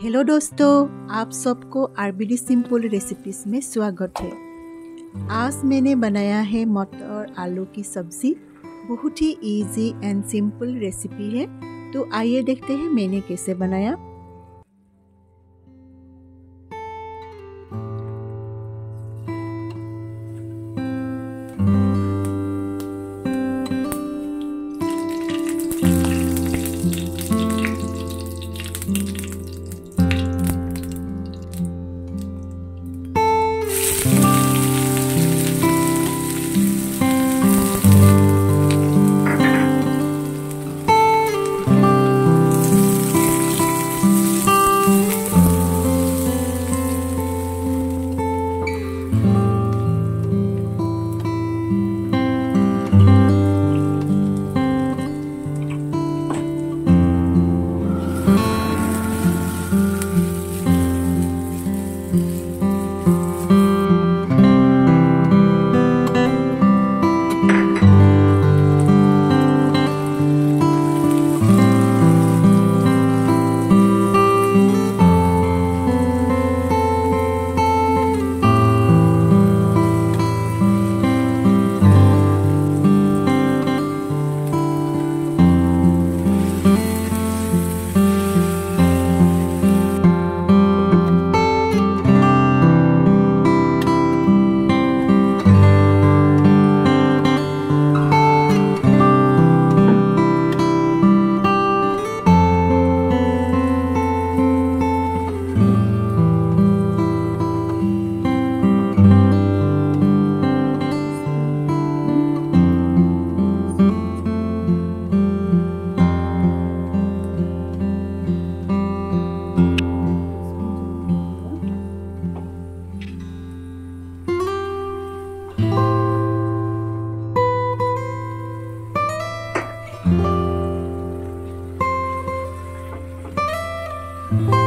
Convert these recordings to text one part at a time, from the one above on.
Hello दोस्तों आप सबको आरबीडी सिंपल रेसिपीज में स्वागत है आज मैंने बनाया है मटर आलू की सब्जी बहुत ही इजी एंड सिंपल रेसिपी है तो आइए देखते हैं मैंने कैसे बनाया Thank you.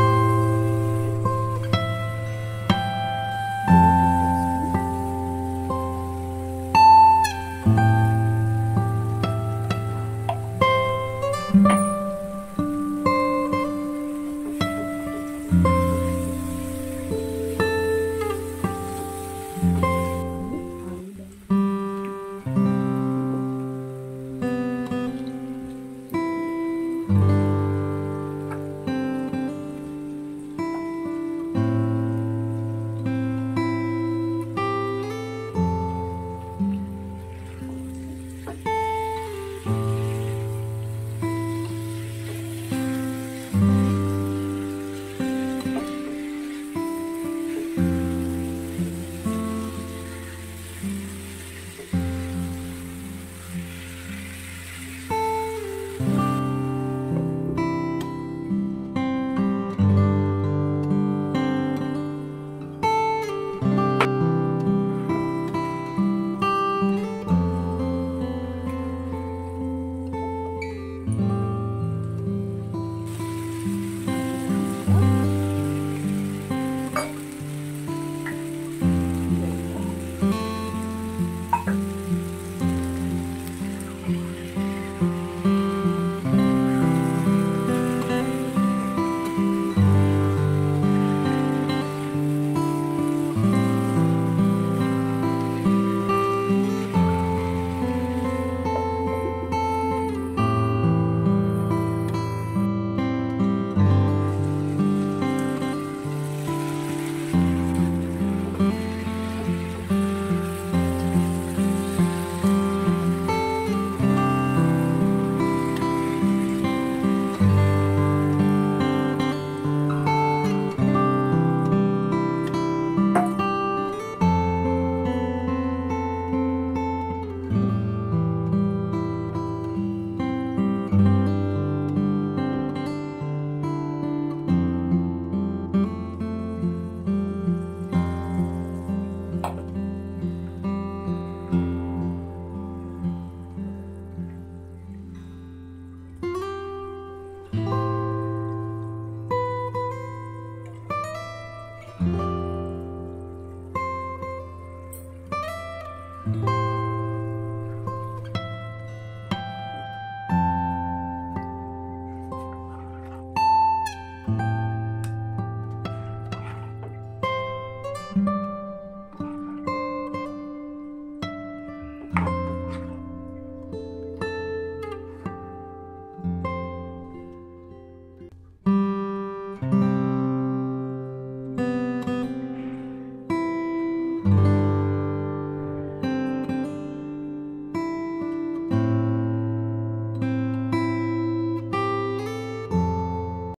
Thank you.